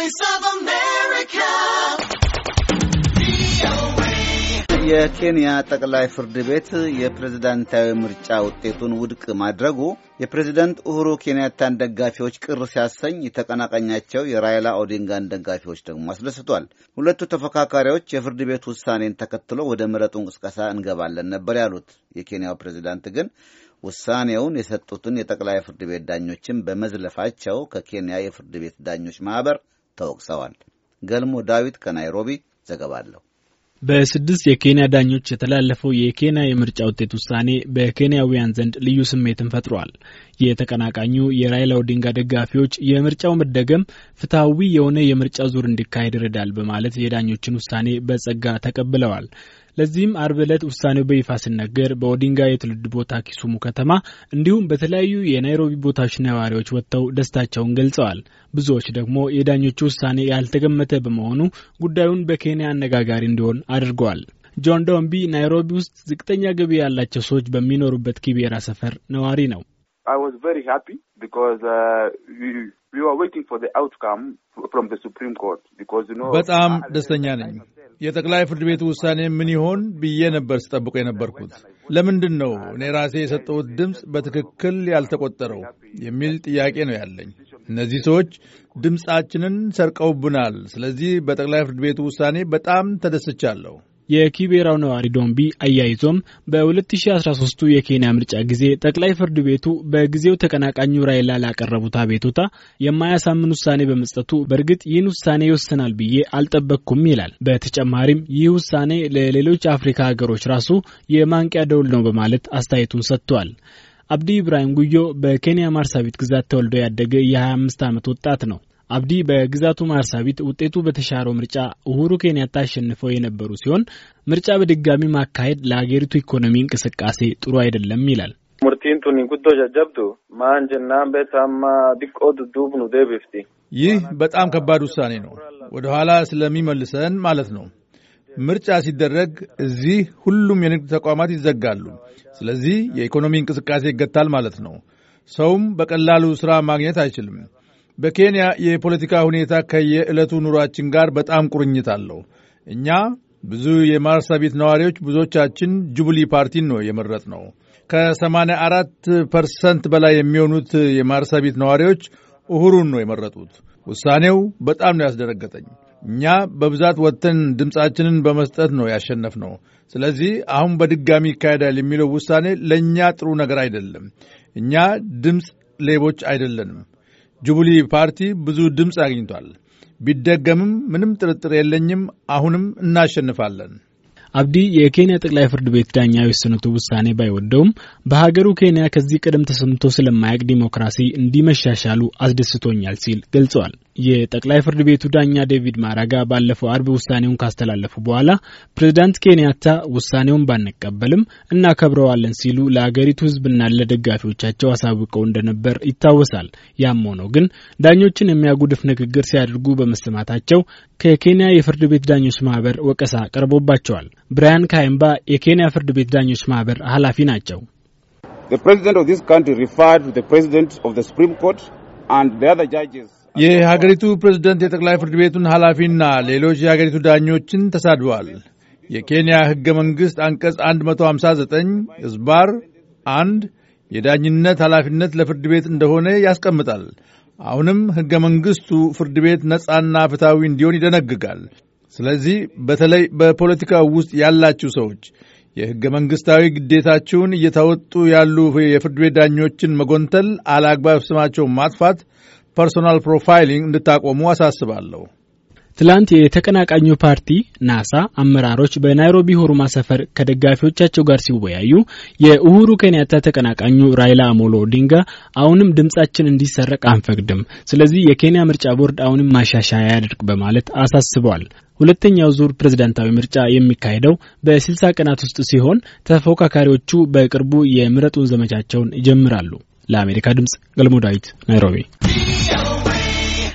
Voice of America. የኬንያ ጠቅላይ ፍርድ ቤት የፕሬዝዳንታዊ ምርጫ ውጤቱን ውድቅ ማድረጉ የፕሬዝደንት ኡሁሩ ኬንያታን ደጋፊዎች ቅር ሲያሰኝ የተቀናቃኛቸው የራይላ ኦዲንጋን ደጋፊዎች ደግሞ አስደስቷል። ሁለቱ ተፎካካሪዎች የፍርድ ቤት ውሳኔን ተከትሎ ወደ ምረጡ እንቅስቃሴ እንገባለን ነበር ያሉት። የኬንያው ፕሬዝዳንት ግን ውሳኔውን የሰጡትን የጠቅላይ ፍርድ ቤት ዳኞችን በመዝለፋቸው ከኬንያ የፍርድ ቤት ዳኞች ማኅበር ተወቅሰዋል። ገልሞ ዳዊት ከናይሮቢ ዘገባለሁ። በስድስት የኬንያ ዳኞች የተላለፈው የኬንያ የምርጫ ውጤት ውሳኔ በኬንያውያን ዘንድ ልዩ ስሜትን ፈጥሯል። የተቀናቃኙ የራይላ ኦዲንጋ ደጋፊዎች የምርጫው መደገም ፍትሐዊ የሆነ የምርጫ ዙር እንዲካሄድ ይረዳል በማለት የዳኞችን ውሳኔ በጸጋ ተቀብለዋል። ለዚህም አርብ ዕለት ውሳኔው በይፋ ሲነገር በኦዲንጋ የትውልድ ቦታ ኪሱሙ ከተማ እንዲሁም በተለያዩ የናይሮቢ ቦታዎች ነዋሪዎች ወጥተው ደስታቸውን ገልጸዋል። ብዙዎች ደግሞ የዳኞቹ ውሳኔ ያልተገመተ በመሆኑ ጉዳዩን በኬንያ አነጋጋሪ እንዲሆን አድርገዋል። ጆን ዶምቢ ናይሮቢ ውስጥ ዝቅተኛ ገቢ ያላቸው ሰዎች በሚኖሩበት ኪቤራ ሰፈር ነዋሪ ነው። I was very happy because uh, we, we were waiting for the outcome from the Supreme Court because you know በጣም ደስተኛ ነኝ። የጠቅላይ ፍርድ ቤቱ ውሳኔ ምን ይሆን ብዬ ነበር ስጠብቆ የነበርኩት። ለምንድን ነው እኔ ራሴ የሰጠሁት ድምፅ በትክክል ያልተቆጠረው የሚል ጥያቄ ነው ያለኝ። እነዚህ ሰዎች ድምፃችንን ሰርቀውብናል። ስለዚህ በጠቅላይ ፍርድ ቤቱ ውሳኔ በጣም ተደስቻለሁ። የኪቤራው ነዋሪ ዶምቢ አያይዞም በ2013ቱ የኬንያ ምርጫ ጊዜ ጠቅላይ ፍርድ ቤቱ በጊዜው ተቀናቃኙ ራይላ ላቀረቡት አቤቱታ የማያሳምን ውሳኔ በመስጠቱ በእርግጥ ይህን ውሳኔ ይወስናል ብዬ አልጠበቅኩም ይላል። በተጨማሪም ይህ ውሳኔ ለሌሎች አፍሪካ ሀገሮች ራሱ የማንቂያ ደውል ነው በማለት አስተያየቱን ሰጥቷል። አብዲ ኢብራሂም ጉዮ በኬንያ ማርሳቢት ግዛት ተወልዶ ያደገ የ25 ዓመት ወጣት ነው። አብዲ በግዛቱ ማርሳቢት ውጤቱ በተሻረው ምርጫ ኡሁሩ ኬንያታ አሸንፈው የነበሩ ሲሆን ምርጫ በድጋሚ ማካሄድ ለሀገሪቱ ኢኮኖሚ እንቅስቃሴ ጥሩ አይደለም ይላል። ሙርቲን ቱኒ ጉዶ ማን ጀናን ዲቆ ዱዱብ ኑ ይህ በጣም ከባድ ውሳኔ ነው፣ ወደ ኋላ ስለሚመልሰን ማለት ነው። ምርጫ ሲደረግ እዚህ ሁሉም የንግድ ተቋማት ይዘጋሉ። ስለዚህ የኢኮኖሚ እንቅስቃሴ ይገታል ማለት ነው። ሰውም በቀላሉ ሥራ ማግኘት አይችልም። በኬንያ የፖለቲካ ሁኔታ ከየዕለቱ ኑሯችን ጋር በጣም ቁርኝት አለው። እኛ ብዙ የማርሳቢት ነዋሪዎች ብዙዎቻችን ጁብሊ ፓርቲን ነው የመረጥ ነው። ከ84 ፐርሰንት በላይ የሚሆኑት የማርሳቢት ነዋሪዎች እሁሩን ነው የመረጡት። ውሳኔው በጣም ነው ያስደነገጠኝ። እኛ በብዛት ወጥተን ድምፃችንን በመስጠት ነው ያሸነፍ ነው። ስለዚህ አሁን በድጋሚ ይካሄዳል የሚለው ውሳኔ ለእኛ ጥሩ ነገር አይደለም። እኛ ድምፅ ሌቦች አይደለንም። ጁቢሊ ፓርቲ ብዙ ድምፅ አግኝቷል። ቢደገምም ምንም ጥርጥር የለኝም አሁንም እናሸንፋለን። አብዲ የኬንያ ጠቅላይ ፍርድ ቤት ዳኛ የወሰኑት ውሳኔ ባይወደውም በሀገሩ ኬንያ ከዚህ ቀደም ተሰምቶ ስለማያውቅ ዲሞክራሲ እንዲመሻሻሉ አስደስቶኛል ሲል ገልጸዋል። የጠቅላይ ፍርድ ቤቱ ዳኛ ዴቪድ ማራጋ ባለፈው አርብ ውሳኔውን ካስተላለፉ በኋላ ፕሬዚዳንት ኬንያታ ውሳኔውን ባንቀበልም እናከብረዋለን ሲሉ ለአገሪቱ ሕዝብና ለደጋፊዎቻቸው አሳውቀው እንደነበር ይታወሳል። ያም ሆኖ ግን ዳኞችን የሚያጉድፍ ንግግር ሲያደርጉ በመሰማታቸው ከኬንያ የፍርድ ቤት ዳኞች ማህበር ወቀሳ ቀርቦባቸዋል። ብራያን ካይምባ የኬንያ ፍርድ ቤት ዳኞች ማህበር ኃላፊ ናቸው። የሀገሪቱ ፕሬዝደንት የጠቅላይ ፍርድ ቤቱን ኃላፊና ሌሎች የሀገሪቱ ዳኞችን ተሳድበዋል። የኬንያ ሕገ መንግሥት አንቀጽ 159 እዝባር አንድ የዳኝነት ኃላፊነት ለፍርድ ቤት እንደሆነ ያስቀምጣል። አሁንም ሕገ መንግሥቱ ፍርድ ቤት ነጻና ፍትሐዊ እንዲሆን ይደነግጋል። ስለዚህ በተለይ በፖለቲካ ውስጥ ያላችሁ ሰዎች የሕገ መንግሥታዊ ግዴታችሁን እየተወጡ ያሉ የፍርድ ቤት ዳኞችን መጎንተል፣ አላግባብ ስማቸውን ማጥፋት፣ ፐርሶናል ፕሮፋይሊንግ እንድታቆሙ አሳስባለሁ። ትላንት የተቀናቃኙ ፓርቲ ናሳ አመራሮች በናይሮቢ ሆሩማ ሰፈር ከደጋፊዎቻቸው ጋር ሲወያዩ የኡሁሩ ኬንያታ ተቀናቃኙ ራይላ አሞሎ ኦዲንጋ አሁንም ድምጻችን እንዲሰረቅ አንፈቅድም፣ ስለዚህ የኬንያ ምርጫ ቦርድ አሁንም ማሻሻያ ያድርግ በማለት አሳስበዋል። ሁለተኛው ዙር ፕሬዝዳንታዊ ምርጫ የሚካሄደው በ60 ቀናት ውስጥ ሲሆን ተፎካካሪዎቹ በቅርቡ የምረጡን ዘመቻቸውን ይጀምራሉ። ለአሜሪካ ድምጽ ገልሞ ዳዊት ናይሮቢ